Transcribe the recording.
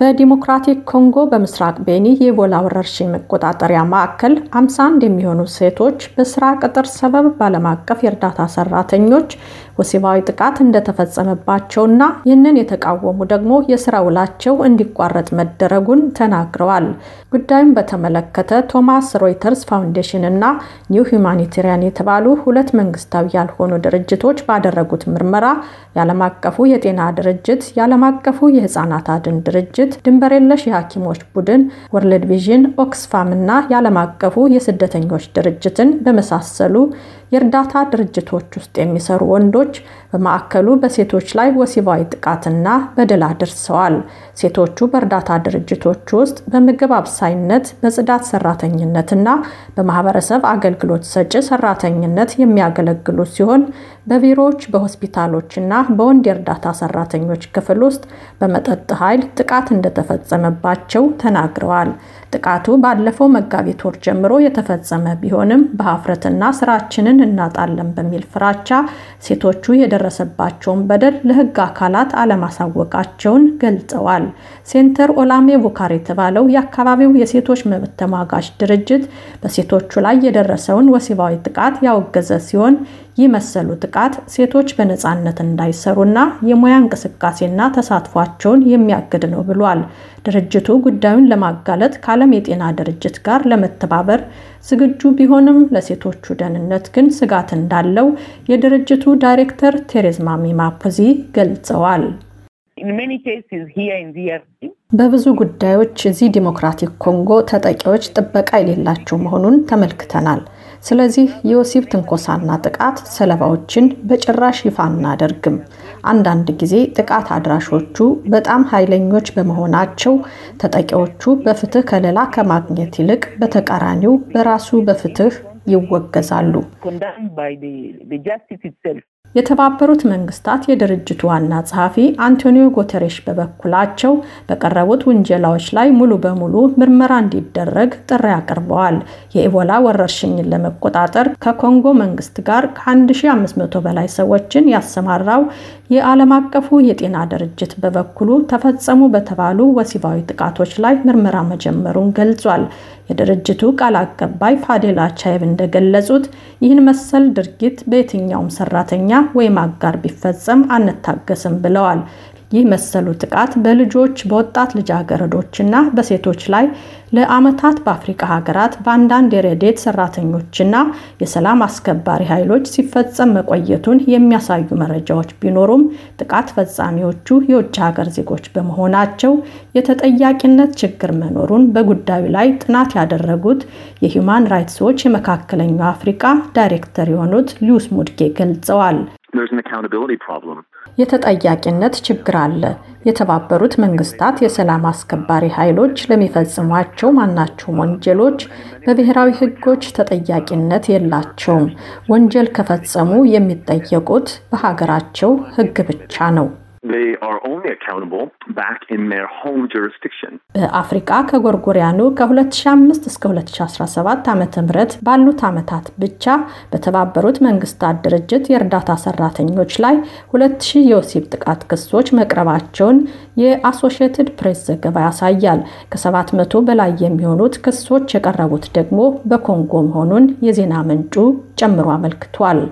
በዲሞክራቲክ ኮንጎ በምስራቅ ቤኒ የኢቦላ ወረርሽኝ መቆጣጠሪያ ማዕከል 51 የሚሆኑ ሴቶች በስራ ቅጥር ሰበብ ባለም አቀፍ የእርዳታ ሰራተኞች ወሲባዊ ጥቃት እንደተፈጸመባቸውና ይህንን የተቃወሙ ደግሞ የስራ ውላቸው እንዲቋረጥ መደረጉን ተናግረዋል። ጉዳዩን በተመለከተ ቶማስ ሮይተርስ ፋውንዴሽን እና ኒው ሁማኒቴሪያን የተባሉ ሁለት መንግስታዊ ያልሆኑ ድርጅቶች ባደረጉት ምርመራ የዓለም አቀፉ የጤና ድርጅት፣ የዓለም አቀፉ የህፃናት አድን ድርጅት ድርጅት፣ ድንበር የለሽ የሐኪሞች ቡድን፣ ወርልድ ቪዥን፣ ኦክስፋም እና የዓለም አቀፉ የስደተኞች ድርጅትን በመሳሰሉ የእርዳታ ድርጅቶች ውስጥ የሚሰሩ ወንዶች በማዕከሉ በሴቶች ላይ ወሲባዊ ጥቃትና በደል አድርሰዋል። ሴቶቹ በእርዳታ ድርጅቶች ውስጥ በምግብ አብሳይነት፣ በጽዳት ሰራተኝነትና በማህበረሰብ አገልግሎት ሰጪ ሰራተኝነት የሚያገለግሉ ሲሆን በቢሮዎች በሆስፒታሎችና በወንድ የእርዳታ ሰራተኞች ክፍል ውስጥ በመጠጥ ኃይል ጥቃት እንደተፈጸመባቸው ተናግረዋል። ጥቃቱ ባለፈው መጋቢት ወር ጀምሮ የተፈጸመ ቢሆንም በሀፍረትና ስራችንን እናጣለን በሚል ፍራቻ ሴቶቹ የደረሰባቸውን በደል ለሕግ አካላት አለማሳወቃቸውን ገልጸዋል። ሴንተር ኦላሜ ቮካር የተባለው የአካባቢው የሴቶች መብት ተሟጋች ድርጅት በሴቶቹ ላይ የደረሰውን ወሲባዊ ጥቃት ያወገዘ ሲሆን ይህ መሰሉ ጥቃት ሴቶች በነፃነት እንዳይሰሩና የሙያ እንቅስቃሴና ተሳትፏቸውን የሚያግድ ነው ብሏል። ድርጅቱ ጉዳዩን ለማጋለጥ ከዓለም የጤና ድርጅት ጋር ለመተባበር ዝግጁ ቢሆንም ለሴቶቹ ደህንነት ግን ስጋት እንዳለው የድርጅቱ ዳይሬክተር ቴሬዝ ማሚማፖዚ ገልጸዋል። በብዙ ጉዳዮች እዚህ ዲሞክራቲክ ኮንጎ ተጠቂዎች ጥበቃ የሌላቸው መሆኑን ተመልክተናል። ስለዚህ የወሲብ ትንኮሳና ጥቃት ሰለባዎችን በጭራሽ ይፋ አናደርግም። አንዳንድ ጊዜ ጥቃት አድራሾቹ በጣም ኃይለኞች በመሆናቸው ተጠቂዎቹ በፍትህ ከለላ ከማግኘት ይልቅ በተቃራኒው በራሱ በፍትህ ይወገዛሉ። የተባበሩት መንግስታት የድርጅቱ ዋና ጸሐፊ አንቶኒዮ ጉተሬሽ በበኩላቸው በቀረቡት ውንጀላዎች ላይ ሙሉ በሙሉ ምርመራ እንዲደረግ ጥሪ አቅርበዋል። የኢቦላ ወረርሽኝን ለመቆጣጠር ከኮንጎ መንግስት ጋር ከ1500 በላይ ሰዎችን ያሰማራው የዓለም አቀፉ የጤና ድርጅት በበኩሉ ተፈጸሙ በተባሉ ወሲባዊ ጥቃቶች ላይ ምርመራ መጀመሩን ገልጿል። የድርጅቱ ቃል አቀባይ ፋዴላ ቻይብ እንደገለጹት ይህን መሰል ድርጊት በየትኛውም ሰራተኛ ወይም አጋር ቢፈጸም አንታገስም ብለዋል። ይህ መሰሉ ጥቃት በልጆች በወጣት ልጃገረዶችና በሴቶች ላይ ለዓመታት በአፍሪካ ሀገራት በአንዳንድ የረድኤት ሰራተኞችና የሰላም አስከባሪ ኃይሎች ሲፈጸም መቆየቱን የሚያሳዩ መረጃዎች ቢኖሩም ጥቃት ፈጻሚዎቹ የውጭ ሀገር ዜጎች በመሆናቸው የተጠያቂነት ችግር መኖሩን በጉዳዩ ላይ ጥናት ያደረጉት የሂውማን ራይትስ ዎች የመካከለኛው አፍሪካ ዳይሬክተር የሆኑት ሊዩስ ሙድጌ ገልጸዋል። የተጠያቂነት ችግር አለ። የተባበሩት መንግስታት የሰላም አስከባሪ ኃይሎች ለሚፈጽሟቸው ማናቸውም ወንጀሎች በብሔራዊ ሕጎች ተጠያቂነት የላቸውም። ወንጀል ከፈጸሙ የሚጠየቁት በሀገራቸው ሕግ ብቻ ነው። በአፍሪቃ ከጎርጎሪያኑ ከ2005 እስከ 2017 ዓ ም ባሉት ዓመታት ብቻ በተባበሩት መንግስታት ድርጅት የእርዳታ ሰራተኞች ላይ 2000 የወሲብ ጥቃት ክሶች መቅረባቸውን የአሶሽየትድ ፕሬስ ዘገባ ያሳያል። ከ700 በላይ የሚሆኑት ክሶች የቀረቡት ደግሞ በኮንጎ መሆኑን የዜና ምንጩ ጨምሮ አመልክቷል።